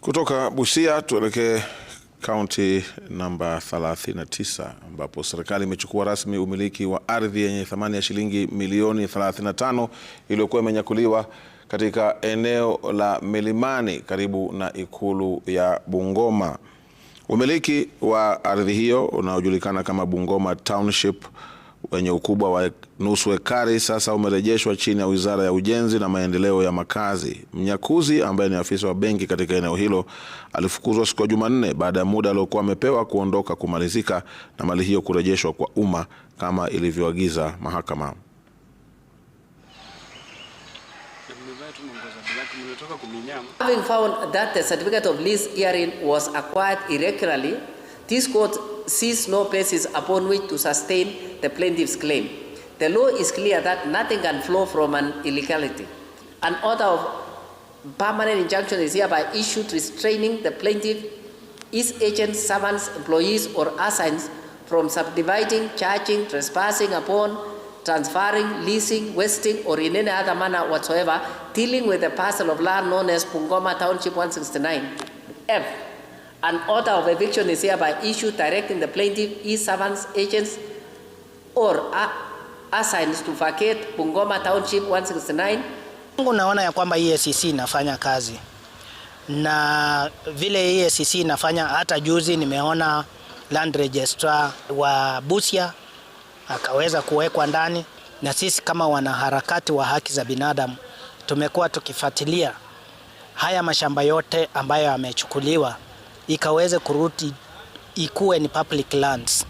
Kutoka Busia tuelekee kaunti namba 39 ambapo serikali imechukua rasmi umiliki wa ardhi yenye thamani ya shilingi milioni 35 iliyokuwa imenyakuliwa katika eneo la Milimani karibu na ikulu ya Bungoma. Umiliki wa ardhi hiyo unaojulikana kama Bungoma Township wenye ukubwa wa nusu ekari sasa umerejeshwa chini ya Wizara ya Ujenzi na Maendeleo ya Makazi. Mnyakuzi ambaye ni afisa wa benki katika eneo hilo alifukuzwa siku ya Jumanne baada ya muda aliokuwa amepewa kuondoka kumalizika na mali hiyo kurejeshwa kwa umma kama ilivyoagiza mahakama. Having found that the certificate of lease herein was acquired irregularly, this court sees no basis upon which to sustain the plaintiff's claim. The law is clear that nothing can flow from an illegality. An order of permanent injunction is hereby issued restraining the plaintiff, his agents, servants, employees, or assigns from subdividing, charging, trespassing upon, transferring, leasing, wasting, or in any other manner whatsoever, dealing with the parcel of land known as Pungoma Township 169. F. An order of eviction is hereby issued directing the plaintiff, his servants, agents, or assigns to vacate Bungoma Township 169. Mungu naona ya kwamba EACC inafanya kazi na vile EACC inafanya. Hata juzi nimeona land registrar wa Busia akaweza kuwekwa ndani, na sisi kama wanaharakati wa haki za binadamu tumekuwa tukifuatilia haya mashamba yote ambayo yamechukuliwa ikaweze kurudi ikuwe ni public lands.